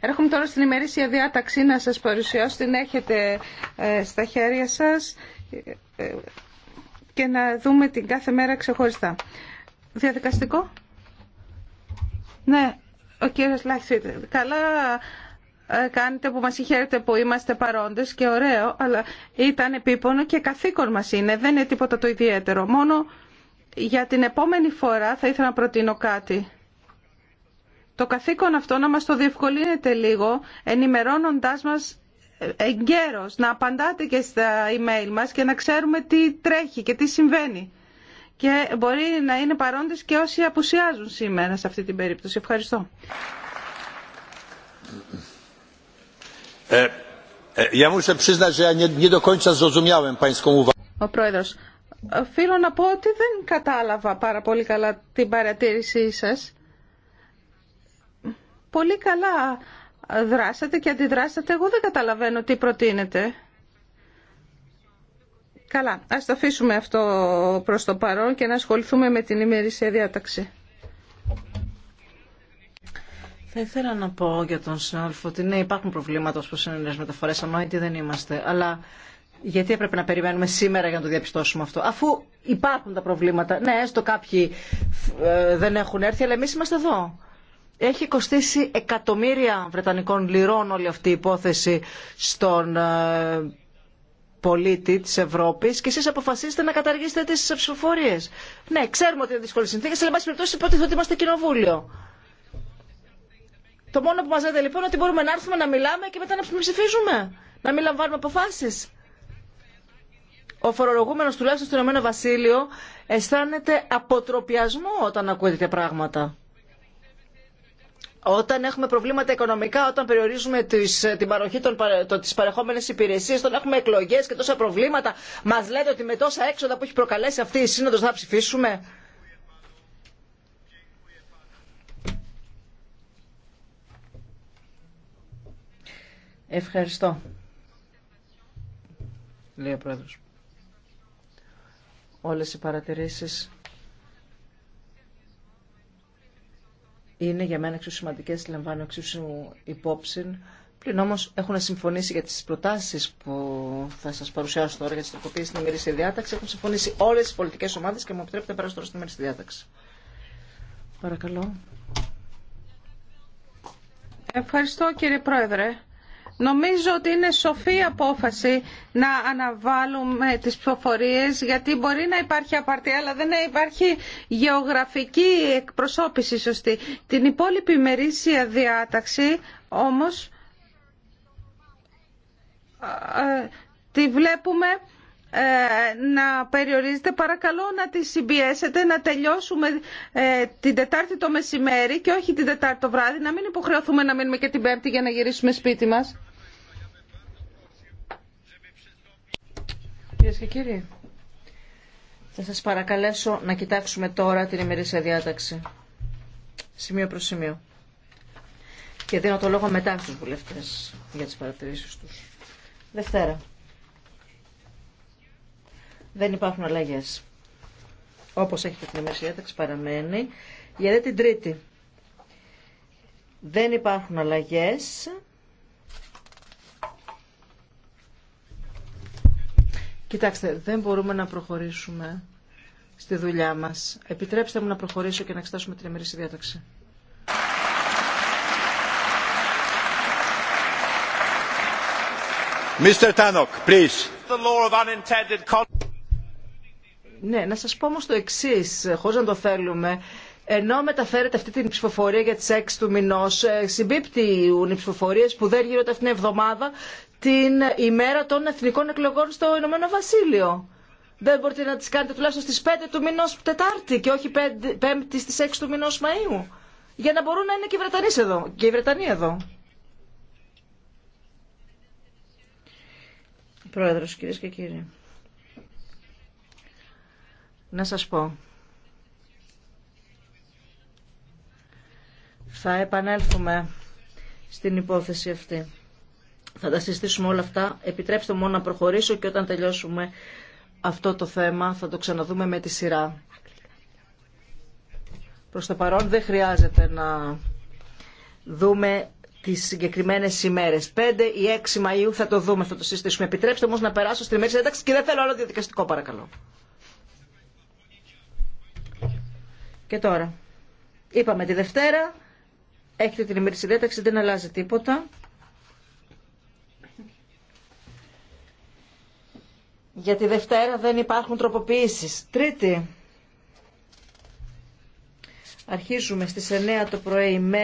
Έρχομαι τώρα στην ημερήσια διάταξη να σας παρουσιάσω. Την έχετε ε, στα χέρια σας ε, και να δούμε την κάθε μέρα ξεχωριστά. Διαδικαστικό. Ναι, ο κύριος Λάχης. Καλά ε, κάνετε που μας συγχαίρετε που είμαστε παρόντες και ωραίο, αλλά ήταν επίπονο και καθήκον μας είναι. Δεν είναι τίποτα το ιδιαίτερο. Μόνο για την επόμενη φορά θα ήθελα να προτείνω κάτι το καθήκον αυτό να μας το διευκολύνετε λίγο ενημερώνοντάς μας ε, εγκαίρως, να απαντάτε και στα email μας και να ξέρουμε τι τρέχει και τι συμβαίνει. Και μπορεί να είναι παρόντες και όσοι απουσιάζουν σήμερα σε αυτή την περίπτωση. Ευχαριστώ. Ο Πρόεδρος, οφείλω να πω ότι δεν κατάλαβα πάρα πολύ καλά την παρατήρησή σας πολύ καλά δράσατε και αντιδράσατε. Εγώ δεν καταλαβαίνω τι προτείνετε. Καλά, ας το αφήσουμε αυτό προς το παρόν και να ασχοληθούμε με την ημερήσια διάταξη. Θα ήθελα να πω για τον συνάδελφο ότι ναι, υπάρχουν προβλήματα είναι οι νέε μεταφορές, Ανόητοι δεν είμαστε, αλλά γιατί έπρεπε να περιμένουμε σήμερα για να το διαπιστώσουμε αυτό. Αφού υπάρχουν τα προβλήματα, ναι, έστω κάποιοι ε, δεν έχουν έρθει, αλλά εμεί είμαστε εδώ. Έχει κοστίσει εκατομμύρια Βρετανικών λιρών όλη αυτή η υπόθεση στον ε, πολίτη της Ευρώπης και εσείς αποφασίσετε να καταργήσετε τις ψηφοφορίες. Ναι, ξέρουμε ότι είναι δύσκολες συνθήκες, αλλά εν πάση περιπτώσει υποτίθεται ότι είμαστε κοινοβούλιο. Το μόνο που μας λέτε λοιπόν είναι ότι μπορούμε να έρθουμε να μιλάμε και μετά να ψηφίζουμε, να μην λαμβάνουμε αποφάσεις. Ο φορολογούμενος τουλάχιστον στο Ηνωμένο Βασίλειο αισθάνεται αποτροπιασμό όταν ακούει τέτοια πράγματα όταν έχουμε προβλήματα οικονομικά, όταν περιορίζουμε τις, την παροχή των, το, τις παρεχόμενες υπηρεσίες, όταν έχουμε εκλογές και τόσα προβλήματα, μας λέτε ότι με τόσα έξοδα που έχει προκαλέσει αυτή η σύνοδος θα ψηφίσουμε. Ευχαριστώ. Λέει ο Πρόεδρος. Όλες οι παρατηρήσεις είναι για μένα εξίσου σημαντικέ, λαμβάνω εξίσου υπόψη. Πλην όμω έχουν συμφωνήσει για τι προτάσει που θα σα παρουσιάσω τώρα για τι τροποποιήσει στην ημερήσια διάταξη. Έχουν συμφωνήσει όλε τι πολιτικέ ομάδε και μου επιτρέπετε να περάσω τώρα στην ημερήσια διάταξη. Παρακαλώ. Ευχαριστώ κύριε Πρόεδρε. Νομίζω ότι είναι σοφή απόφαση να αναβάλουμε τις ψηφοφορίες γιατί μπορεί να υπάρχει απαρτία αλλά δεν υπάρχει γεωγραφική εκπροσώπηση σωστή. Την υπόλοιπη ημερήσια διάταξη όμως ε, ε, τη βλέπουμε ε, να περιορίζεται. Παρακαλώ να τη συμπιέσετε, να τελειώσουμε την Τετάρτη το μεσημέρι και όχι την Τετάρτη το βράδυ, να μην υποχρεωθούμε να μείνουμε και την Πέμπτη για να γυρίσουμε σπίτι μας. Κυρίε και κύριοι, θα σας παρακαλέσω να κοιτάξουμε τώρα την ημερήσια διάταξη. Σημείο προς σημείο. Και δίνω το λόγο μετά στους βουλευτές για τις παρατηρήσεις τους. Δευτέρα. Δεν υπάρχουν αλλαγέ. Όπως έχετε την ημερήσια διάταξη παραμένει. Γιατί την Τρίτη. Δεν υπάρχουν αλλαγές. Κοιτάξτε, δεν μπορούμε να προχωρήσουμε στη δουλειά μας. Επιτρέψτε μου να προχωρήσω και να εξετάσουμε την ημερήσια διάταξη. Mr. please. Ναι, να σας πω όμως το εξής, χωρίς να το θέλουμε. Ενώ μεταφέρετε αυτή την ψηφοφορία για τις 6 του μηνός, ε, συμπίπτουν οι ψηφοφορίες που δεν γίνονται αυτήν την εβδομάδα την ημέρα των εθνικών εκλογών στο Ηνωμένο Βασίλειο. Δεν μπορείτε να τις κάνετε τουλάχιστον στις 5 του μηνός Τετάρτη και όχι 5, η στις 6 του μηνός Μαΐου. Για να μπορούν να είναι και οι εδώ. Και οι Βρετανοί εδώ. Πρόεδρος, κυρίες και κύριοι. Να σας πω. Θα επανέλθουμε στην υπόθεση αυτή. Θα τα συζητήσουμε όλα αυτά. Επιτρέψτε μου να προχωρήσω και όταν τελειώσουμε αυτό το θέμα θα το ξαναδούμε με τη σειρά. Προς το παρόν δεν χρειάζεται να δούμε τις συγκεκριμένες ημέρες. 5 ή 6 Μαΐου θα το δούμε, θα το συζητήσουμε. Επιτρέψτε όμως να περάσω στην ημέρη ένταξη και δεν θέλω άλλο διαδικαστικό παρακαλώ. Και τώρα. Είπαμε τη Δευτέρα, έχετε την ημέρη δέταξη, δεν αλλάζει τίποτα. Για τη Δευτέρα δεν υπάρχουν τροποποιήσεις. Τρίτη. Αρχίζουμε στις 9 το πρωί με